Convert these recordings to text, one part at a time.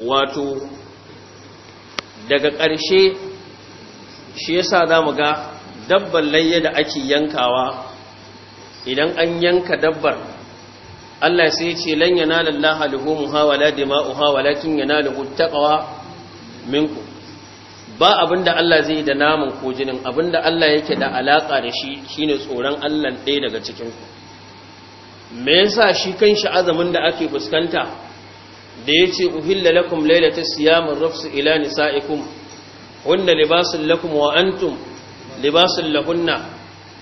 wato daga ƙarshe shi yasa za mu ga dabbar layya da ake yankawa idan an yanka dabbar Allah sai ce lan yanala Allah luhumuha wala ya na yanaluhu taqwa minku ba abinda Allah zai da naman ko jinin abinda Allah yake da alaƙa da shi shine tsoron Allah ɗaya daga cikinku. me yasa shi kanshi azumin da ake fuskanta da ya ce uhilla lakum lailata siyamin rafsu ila nisa'ikum hunna libasun lakum wa antum libasun lahunna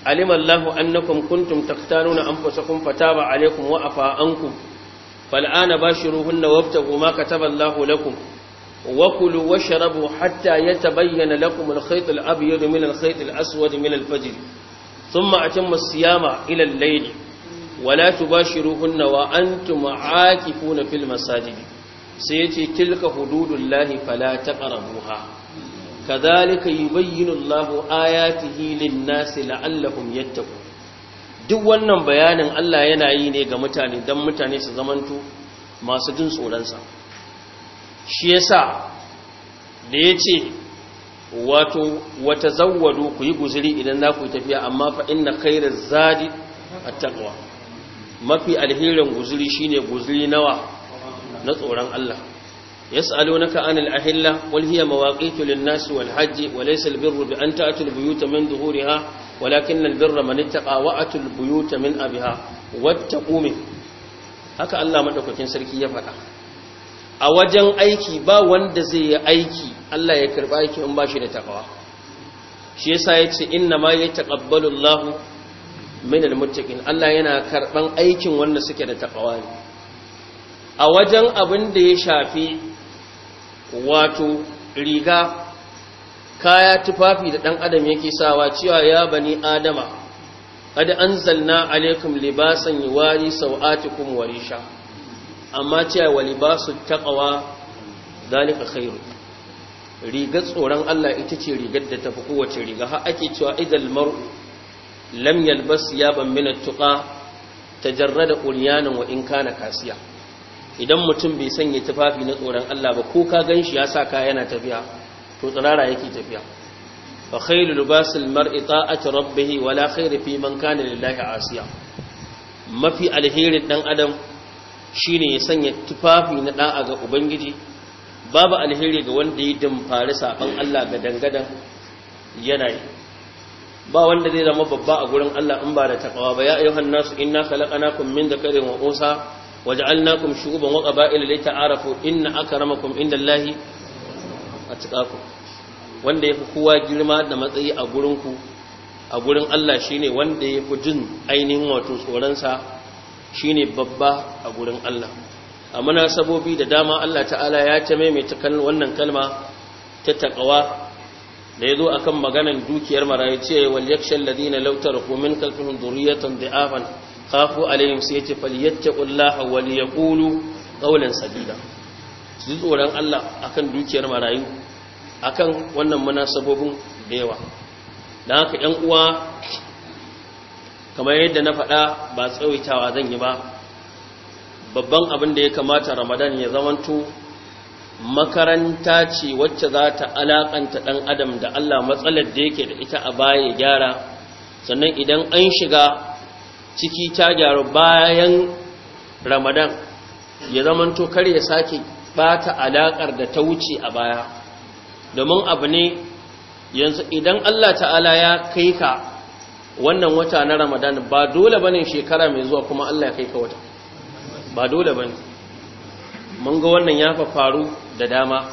alimallahu annakum kuntum taktanuna anfusakum fataba alaikum wa afa ankum fal'ana bashiruhunna wabtagu ma kataballahu lakum وكلوا واشربوا حتى يتبين لكم الخيط الأبيض من الخيط الأسود من الفجر ثم أتم الصيام إلى الليل ولا تباشروهن وانتم عاكفون في المساجد سيتي sai yace الله hududullahi fala كذلك يبين الله اياته للناس لعلهم يتقون duk wannan bayanin Allah yana yi ne ga mutane dan mutane su zamanto masu jin tsoron sa shi yasa da yace wato wata zawwado ku yi guziri idan za ku yi tafiya amma fa inna khairar zadi a taqwa mafi alherin guzuri shine guzuri nawa na tsoron Allah yas'alunaka anil ahilla wal hiya mawaqitu lin nasi wal hajji wa laysa al birru bi an ta'tu al buyuta min zuhuriha walakin al birra man ittaqa wa atu al buyuta min abiha wattaqu haka Allah madaukakin sarki ya faɗa a wajen aiki ba wanda zai yi aiki Allah ya karba aiki in bashi da takawa shi yasa yace inna ma yataqabbalu Allahu minal muttaqin Allah yana karban aikin wanda suke da takawa ne a wajen abin da ya shafi wato riga kaya tufafi da dan adam yake sawa cewa ya bani adama kada anzalna alaikum libasan yuwari sawatikum wa risha amma cewa wa libasut taqwa zalika khairu rigar tsoron Allah ita ce rigar da tafi kowace riga har ake cewa idal mar'u lam yalbas yaban min at-tuqa tajarrada ulyanan wa in kana kasiya idan mutum bai sanya tufafi na tsoron Allah ba ko ka ganshi ya sa kaya yana tafiya to tsirara yake tafiya fa khayru libasil mar'i ta'ati rabbih wa la khayru fi man kana lillahi asiya mafi alherin dan adam shine ya sanya tufafi na da'a ga ubangiji babu alheri ga wanda ya dimfari sabon Allah ga dangadan yana yi ba wanda zai zama babba a gurin Allah in ba da taqwa ba ya ayyuhan nasu inna khalaqnakum min dhakarin wa unsa waja'alnakum shu'uban wa qaba'ila ta'arafu inna akramakum indallahi atqakum wanda yafi kowa girma da matsayi a gurin ku a gurin Allah shine wanda yafi jin ainihin wato tsoron sa shine babba a gurin Allah a munasabobi da dama Allah ta'ala ya ta maimaita wannan kalma ta taqwa da ya zo a kan maganan dukiyar marayu ce wal yakshan ladina lautar kumin kalfihun duriyatan afan kafu alayhim sai ce fal yattaqullaha wal yaqulu qawlan sabida su ji tsoron Allah akan dukiyar marayu akan wannan munasabobin da yawa dan haka 'yan uwa kamar yadda na faɗa ba tsawaitawa zan yi ba babban abin da ya kamata Ramadan ya zamanto makaranta ce wacce za ta alakanta ɗan adam da Allah matsalar da yake da ita a baya gyara sannan idan an shiga ciki ta gyara bayan ramadan ya zamanto kar ya sake bata alaƙar da ta wuce a baya domin abu ne yanzu idan Allah ta'ala ya kai ka wannan wata na ramadan ba dole bane shekara mai zuwa kuma Allah ya kai ka wata ba dole bane mun ga wannan ya faru da dama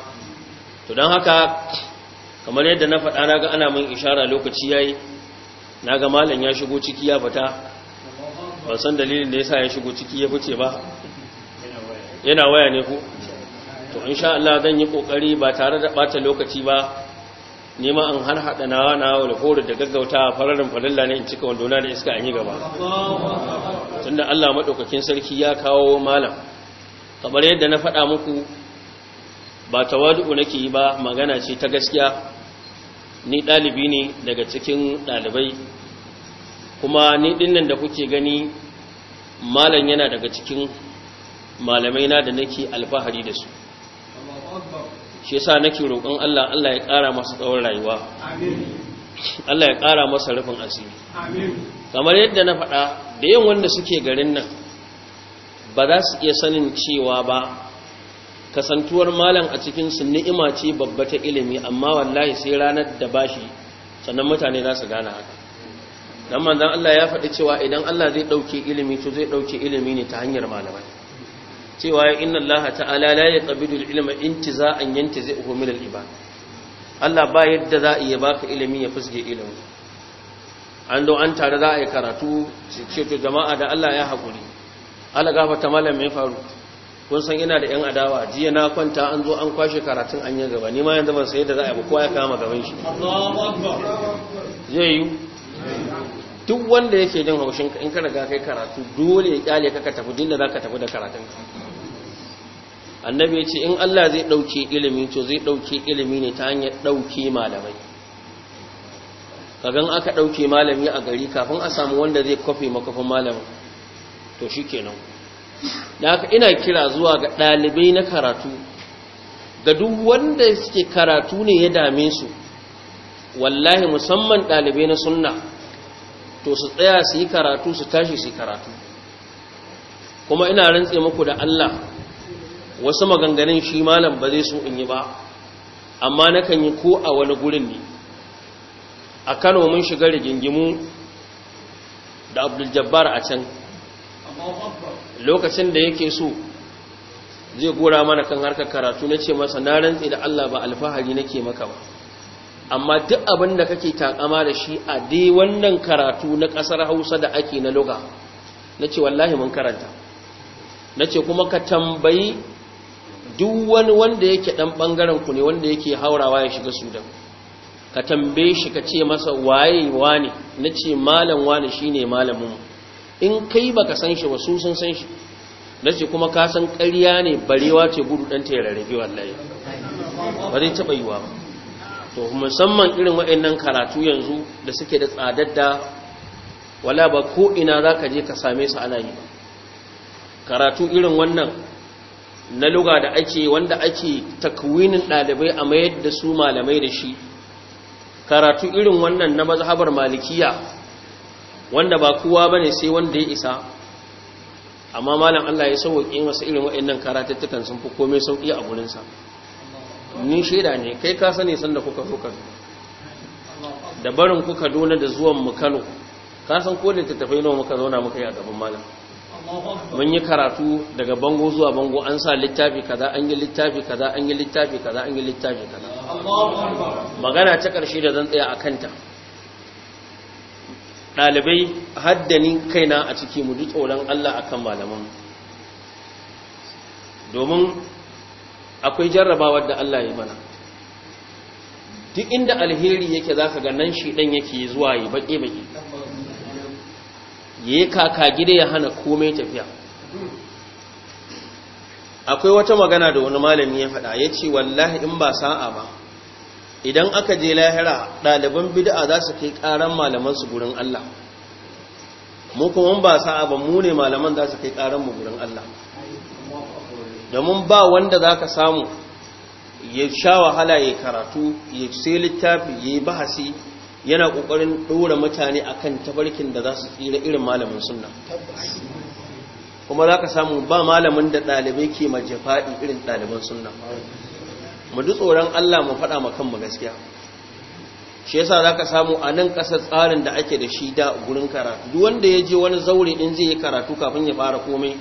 to don haka kamar yadda na faɗa na ga ana min ishara lokaci yayi na ga malam ya shigo ciki ya fita ban san dalilin da yasa ya shigo ciki ya fice ba yana waya ne ku to insha Allah zan yi kokari ba tare da bata lokaci ba nema an har hada nawa na wal da gaggauta fararin falalla ne in cika wandona da iska an yi gaba tunda Allah madaukakin sarki ya kawo malam kamar yadda na faɗa muku ba wadu nake yi ba magana ce ta gaskiya ni ɗalibi ne daga cikin ɗalibai kuma ni dinnan da kuke gani malam yana daga cikin malamai na da nake alfahari da su shi yasa nake roƙon Allah Allah ya ƙara masa tsawon rayuwa Allah ya ƙara masa rufin asiri kamar yadda na faɗa da yin wanda suke garin nan ba za su iya sanin cewa ba kasantuwar malam a cikin su ni'ima ce babba ta ilimi amma wallahi sai ranar da bashi sannan mutane za su gane haka don manzan Allah ya faɗi cewa idan Allah zai ɗauke ilimi to zai ɗauke ilimi ne ta hanyar malamai cewa ya inna Allah ta'ala la ci za a intiza'an zai uku milar iba Allah ba yadda za a iya baka ilimi ya fusge ilimi an do an tare za a yi karatu ce to jama'a da Allah ya haƙuri Allah gafata malam mai faru kun san ina da yan adawa jiya na kwanta an zo an kwashe karatun an yi gaba ni ma yanzu ban sai da za a yi kowa ya kama gaban shi zai yi duk wanda yake jin haushin ka in ka riga kai karatu dole ya kyale ka tafi dinda za ka tafi da karatun annabi ya ce in Allah zai ɗauke ilimi to zai ɗauke ilimi ne ta hanyar ɗauke malamai kagan aka ɗauke malami a gari kafin a samu wanda zai kwafi makwafin malamin to shi kenan da haka ina kira zuwa ga ɗalibai na karatu ga duk wanda suke karatu ne ya dame su wallahi musamman ɗalibai na sunna to su tsaya su yi karatu su tashi su karatu kuma ina rantse muku da Allah wasu maganganun shi malam ba zai so in yi ba amma nakan yi ko a wani gurin ne a Kano mun shiga rigingimu da Abdul Jabbar a can lokacin da yake so zai gora mana kan harkar karatu na ce masa na rantsi da Allah ba alfahari nake maka ba amma duk abin da kake takama da shi a dai wannan karatu na kasar Hausa da ake na luga nace wallahi mun karanta nace kuma ka tambayi duk wani wanda yake dan bangaren ku ne wanda yake haurawa ya shiga Sudan ka tambaye shi ka ce masa waye wani nace malam wani shine malamin mu in kai baka san shi ba su sun san shi nace kuma ka san ƙarya ne barewa ce gudu dan ta rarrafe wallahi ba zai taba yiwa ba to musamman irin waɗannan karatu yanzu da suke da tsadar da wala ba ko ina zaka je ka same su ana yi ba karatu irin wannan na luga da ake wanda ake takwinin ɗalibai a mayar da su malamai da shi karatu irin wannan na mazhabar malikiya wanda ba kowa bane sai wanda ya isa amma malam Allah ya sauke masa irin waɗannan karatattukan sun fi komai sauƙi a gurin ni shaida ne kai ka sani sanda kuka zo Kano da barin kuka dole da zuwan mu Kano ka san ko da tattafai nawa muka zauna muka yi a gaban malam mun yi karatu daga bango zuwa bango an sa littafi kaza an yi littafi kaza an yi littafi kaza an yi littafi kaza magana ta ƙarshe da zan tsaya a kanta ɗalibai haddani kaina a ciki mu ji tsoron Allah akan malaman domin akwai jarrabawar da Allah ya mana duk inda alheri yake zaka ga nan shi dan yake zuwa yi baƙe baƙe yayi kaka gida ya hana komai tafiya akwai wata magana da wani malami ya faɗa yace wallahi in ba sa'a ba idan aka je lahira ɗaliban bid'a za su kai ƙaran malaman su gurin Allah mu kuma ba sa'a ba mu ne malaman za su kai ƙaran mu gurin Allah domin ba wanda za ka samu ya sha wahala ya karatu ya sai littafi ya yi bahasi yana ƙoƙarin ɗora mutane a kan tabarkin da za su tsira irin malamin sunna kuma za ka samu ba malamin da ɗalibai ke majafaɗi irin ɗaliban sunna mu du tsoron Allah mu faɗa ma kanmu gaskiya shi yasa zaka samu a nan ƙasar tsarin da ake da shi da gurin karatu duk wanda ya je wani zaure din zai yi karatu kafin ya fara komai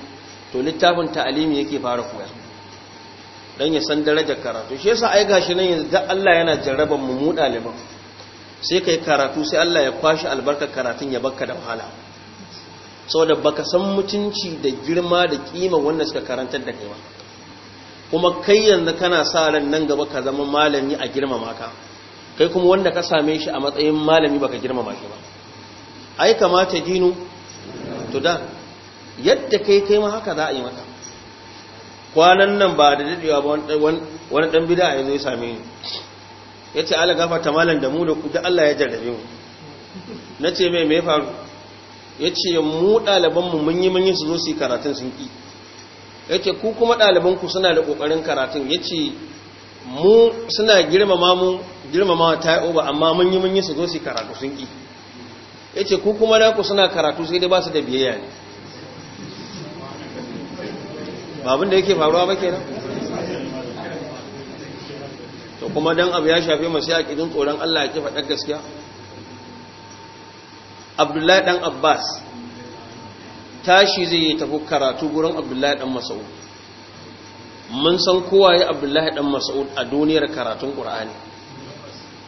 to littafin ta'alimi yake fara koya dan ya san darajar karatu shi yasa ai gashi nan yanzu da Allah yana jarraban mu mu ɗaliban sai kai karatu sai Allah ya kwashi albarkar karatun ya baka da wahala saboda baka san mutunci da girma da kima wanda suka karantar da kai ba kuma kai yanzu kana sa ran nan gaba ka zama malami a girmama ka kai kuma wanda ka same shi a matsayin malami baka girmama shi ba ai kamata dinu to da yadda kai kai ma haka za a yi maka kwanan nan ba da dadewa ba wani dan bid'a yanzu ya same ni yace Allah gafarta malam da mu da ku da Allah ya jarrabe mu nace mai me ya faru yace mu ɗaliban mu mun yi mun yi su zo su yi karatun sun ƙi. yace ku kuma ɗalibanku suna da ƙoƙarin karatun yace mu suna girmama mu girmama oba amma mun yi mun yi su zo su karatu sun ya yace ku kuma da ku suna karatu sai dai ba su da biyayya ne babin da yake faruwa ba ke nan to kuma dan abu ya shafe masu sai akidin tsoron Allah ya ke faɗa gaskiya Abdullahi dan Abbas tashi zai yi tafi karatu gurin abdullahi dan mas'ud mun san kowa ya abdullahi dan mas'ud a duniyar karatun qur'ani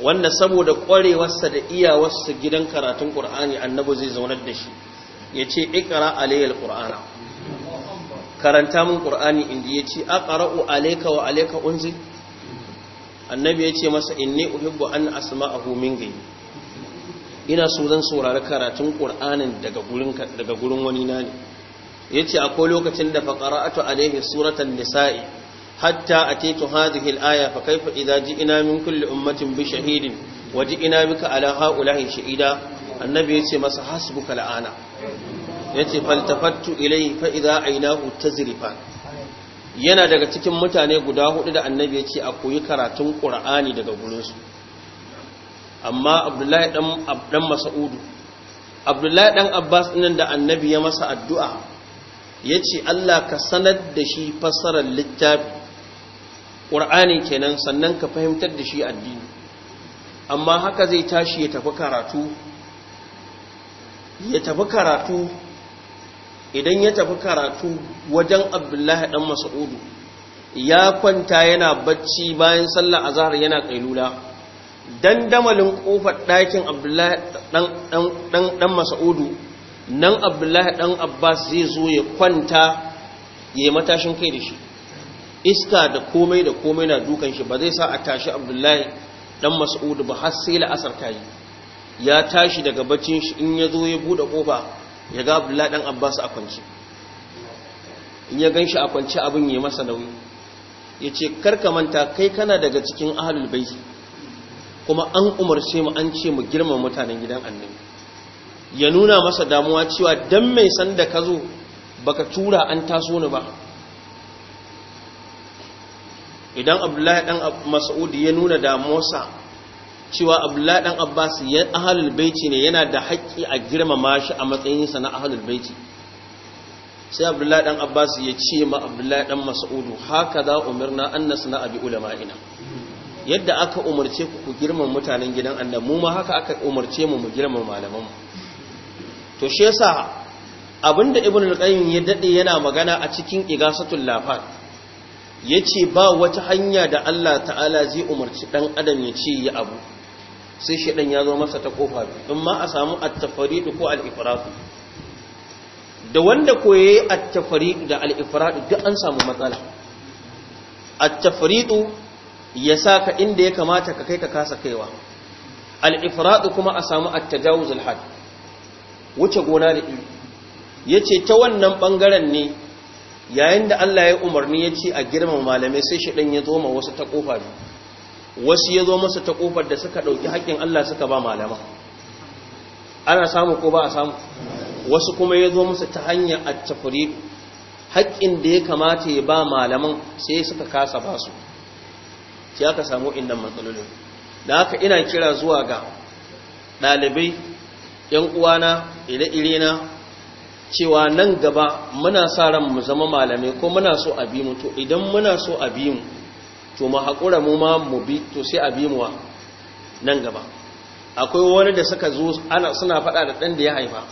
wanda saboda kwarewarsa da iyawarsa gidan karatun qur'ani annabi zai zaunar da shi yace iqra alayhi alqur'ana karanta min qur'ani inda yace aqra'u alayka wa alayka unzi annabi yace masa inni uhibbu an asma'ahu min ghayri ina so zan saurari karatun ƙur'anin daga gurin wani na ne ya ce akwai lokacin da faƙara'atu alaihi suratan nisa'i hatta a teku hadhihi al'aya fa kaifa idza ji'na min kulli ummatin bi shahidin wa ji'na bika ala ha'ula'i shahida annabi ya ce masa hasbuka la'ana. ya ce faltafattu ilai fa idza aynahu tazrifan yana daga cikin mutane guda hudu da annabi ya ce a koyi karatun ƙur'ani daga gurinsu amma abdullahi dan masa'udu abdullahi dan abbas nan da annabi ya masa addu'a ya ce allah ka sanar da shi fassarar littafi ƙur'ani kenan sannan ka fahimtar da shi addini amma haka zai tashi ya tafi karatu ya tafi karatu idan ya tafi karatu wajen abdullahi dan masa'udu ya kwanta yana bacci bayan sallar azhar yana kailula dandamalin kofar ɗakin abdullahi ɗan masa'udu nan abdullahi ɗan abbas zai zo ya kwanta ya yi matashin kai da shi iska da komai da komai na dukan shi ba zai sa a tashi abdullahi ɗan masa'udu ba har sai la'asar ta yi ya tashi daga bacin shi in ya zo ya buɗe ƙofa ya ga abdullahi ɗan abbas a kwanci in ya gan shi a kwanci abin ya masa nauyi ya ce karka manta kai kana daga cikin ahalul baiti kuma an umarce mu an ce mu girma mutanen gidan annabi ya nuna masa damuwa cewa dan mai san ka zo baka tura an taso ni ba idan abdullahi dan mas'udi ya nuna damuwarsa cewa abdullahi dan abbas ya ahlul baiti ne yana da haƙƙi a girmama shi a matsayinsa na ahlul baiti sai abdullahi dan abbas ya ce ma abdullahi dan mas'udu haka za umirna an nasna abi ulama'ina yadda aka umarce ku ku girman mutanen gidan annan, mu ma haka aka umarce mu mu girman malamanmu to shi yasa abinda ibnu al-qayyim ya dade yana magana a cikin igasatul lafat yace ba wata hanya da Allah ta'ala zai umarci dan adam ya ci ya abu sai shedan ya zo masa ta kofa in ma a samu at-tafaridu ko al-ifratu da wanda koye at-tafaridu da al-ifratu duk an samu matsala at-tafaridu ya sa ka inda ya kamata ka kai ka kasa kaiwa al’ifiratu kuma a samu a tajawuz wuce gona da iri ya ce ta wannan ɓangaren ne yayin da Allah ya umarni ya ce a girma malamai sai shi ɗan ya zo ma wasu ta ƙofa wasu ya zo masa ta ƙofar da suka ɗauki haƙƙin Allah suka ba malama ana samu ko ba a samu wasu kuma ya zo masa ta hanyar a tafuri haƙƙin da ya kamata ya ba malaman sai suka kasa ba su shi aka samu innan matsalolin da haka ina kira zuwa ga ɗalibai ‘yan uwana ire-ire na cewa nan gaba muna sa ran mu zama malamai ko muna so a bi mu to idan muna so a bi mu to mu haƙura mu ma mu bi to sai a bi mu wa nan gaba akwai wani da suka zo ana suna faɗa da ɗan da ya haifa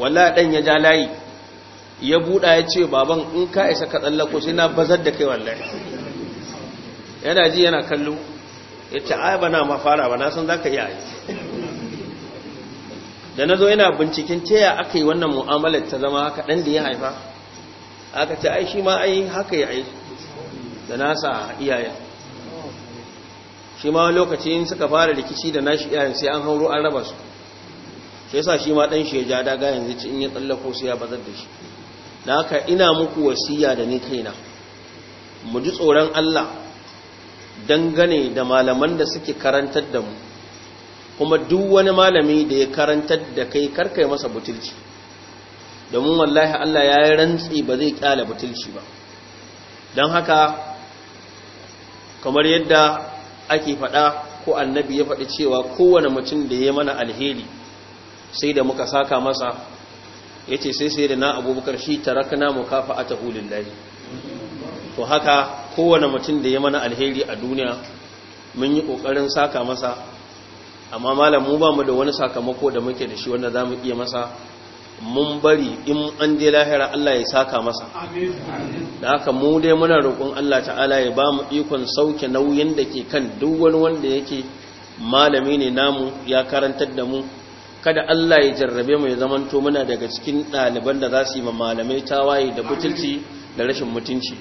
walla ɗan ya ja layi ya buɗa ya ce baban in ka isa ka tsallako sai na bazar da kai wallahi yana ji yana kallo ya ce ai ba na ma fara ba na san za iya da na zo yana binciken ta ya aka yi wannan mu'amalar ta zama haka ɗan da ya haifa aka ce ai shi ma ai haka ya aiki da nasa iyayen shi ma lokaci in suka fara rikici da nashi iyayen sai an hauro an raba su shi yasa shi ma ɗan shi ya ja daga yanzu ci in ya tsallako su ya bazar da shi da haka ina muku wasiya da ni kaina mu ji tsoron Allah dangane da malaman da suke karantar da mu kuma duk wani malami da ya karantar da kai karkai masa butulci domin wallahi Allah ya yi rantsi ba zai kyala butulci ba don haka kamar yadda ake faɗa ko annabi ya faɗi cewa kowane mutum da ya mana alheri sai da muka saka masa ya ce sai sai da na abubakar shi tarakna mu kafa a tahulin to haka kowane mutum da ya mana alheri a duniya mun yi kokarin saka masa amma malam mu ba mu da wani sakamako da muke da shi wanda za mu iya masa mun bari in an je lahira Allah ya saka masa da haka mu dai muna roƙon Allah ta'ala ya ba mu ikon sauke nauyin da ke kan duk wani wanda yake malami ne namu ya karantar da mu kada Allah ya jarrabe mu ya zamanto muna daga cikin ɗaliban da za su yi ma malamai tawaye da butulci da rashin mutunci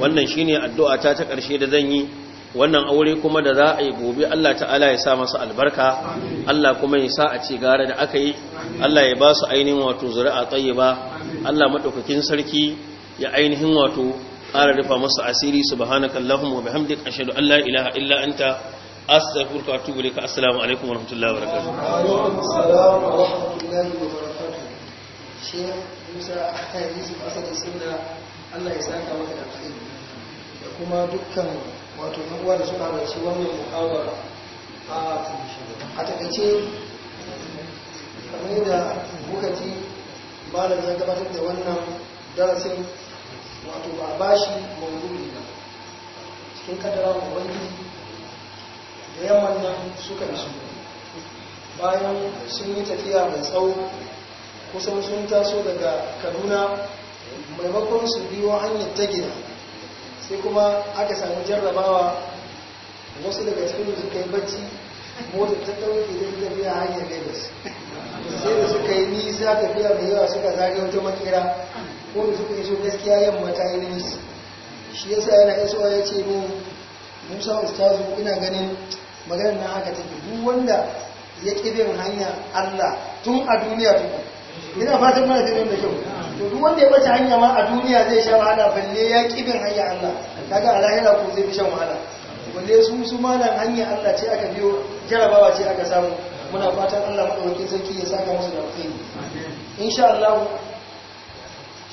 wannan shine addu'a ta ta ƙarshe da zan yi wannan aure kuma da za a yi gobe Allah ta'ala ya sa masa albarka Allah kuma ya sa a ce gara da aka yi Allah ya ba su ainihin wato zuri'a tayyiba Allah madaukakin sarki ya ainihin wato ƙara rufa masa asiri subhanakallahumma wa bihamdika ashhadu an la ilaha illa anta astaghfiruka wa atubu ilaik assalamu alaikum wa rahmatullahi wa barakatuh wa alaikum assalam wa rahmatullahi wa barakatuh shi Musa Sunna Allah ya saka maka da alkhairi da kuma dukkan wato yan uwa da suka halarci wannan muhawara a takaice kamar da muka ji malam ya gabatar da wannan darasin wato ba ba shi mawuzi ba cikin kadara wani. da yawan nan suka isu bayan sun yi tafiya mai tsawo kusan sun taso daga kaduna maimakon su biyo hanyar ta gida sai kuma aka sami jarrabawa wasu daga cikin suka yi bacci motar ta ɗauke da tafiya hanyar lagos sai da suka yi nisa tafiya mai yawa suka zage wata makera ko da suka iso gaskiya yamma ta yi nisa shi yasa yana iso ya ce mu musa ustazu ina ganin maganar na haka take duk wanda ya ƙi bin hanya allah tun a duniya tuku, ina fatan mana ta da kyau to duk wanda ya bace hanya ma a duniya zai sha wahala balle ya ki bin hanya Allah kaga a lahira ko zai fi shan wahala balle su su malan hanya Allah ce aka biyo jarabawa ce aka samu muna fatan Allah madaukakin sarki ya saka musu da alheri insha Allah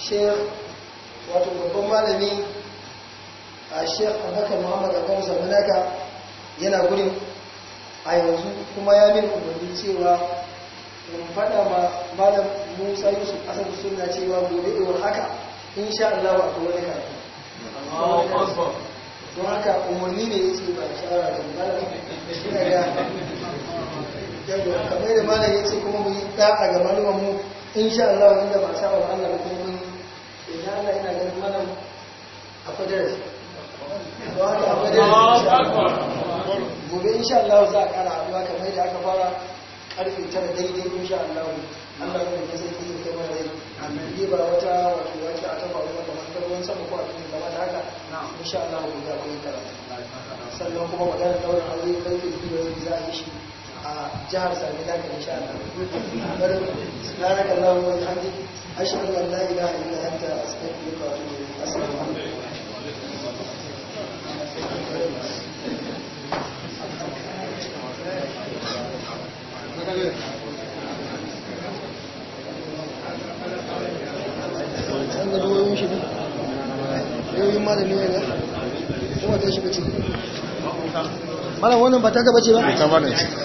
sheikh wato babban malami a sheikh Abubakar Muhammad Abubakar Samanaka yana gurin a yanzu kuma ya min umarni cewa in faɗa ma malam musa yusuf asar suna cewa gobe iwar haka in sha Allah ba akwai wani karfi don haka umarni ne ya ce ba shara da malam ina ga kamar da malam ya ce kuma mu yi da'a ga malaman mu in sha Allah wanda ba sa wa Allah ko mun idan Allah ina ganin malam akwai darasi don haka a darasi gobe in sha Allah za a kara abuwa kamar da aka fara karfe tara daidai insha Allah Allah ne ya sai ki kai mana annabi ba wata wato wata a tafa wata kamar ta ruwan sama ko a cikin kama da haka insha Allah ku ga kun karatu sannan kuma magana daurin aure karfe biyu yanzu za a yi shi a jihar Sami da kan insha Allah bari subhanakallahumma wa bihamdika ashhadu an la ilaha illa anta astaghfiruka wannan ba ta gaba ce ba ita ba ne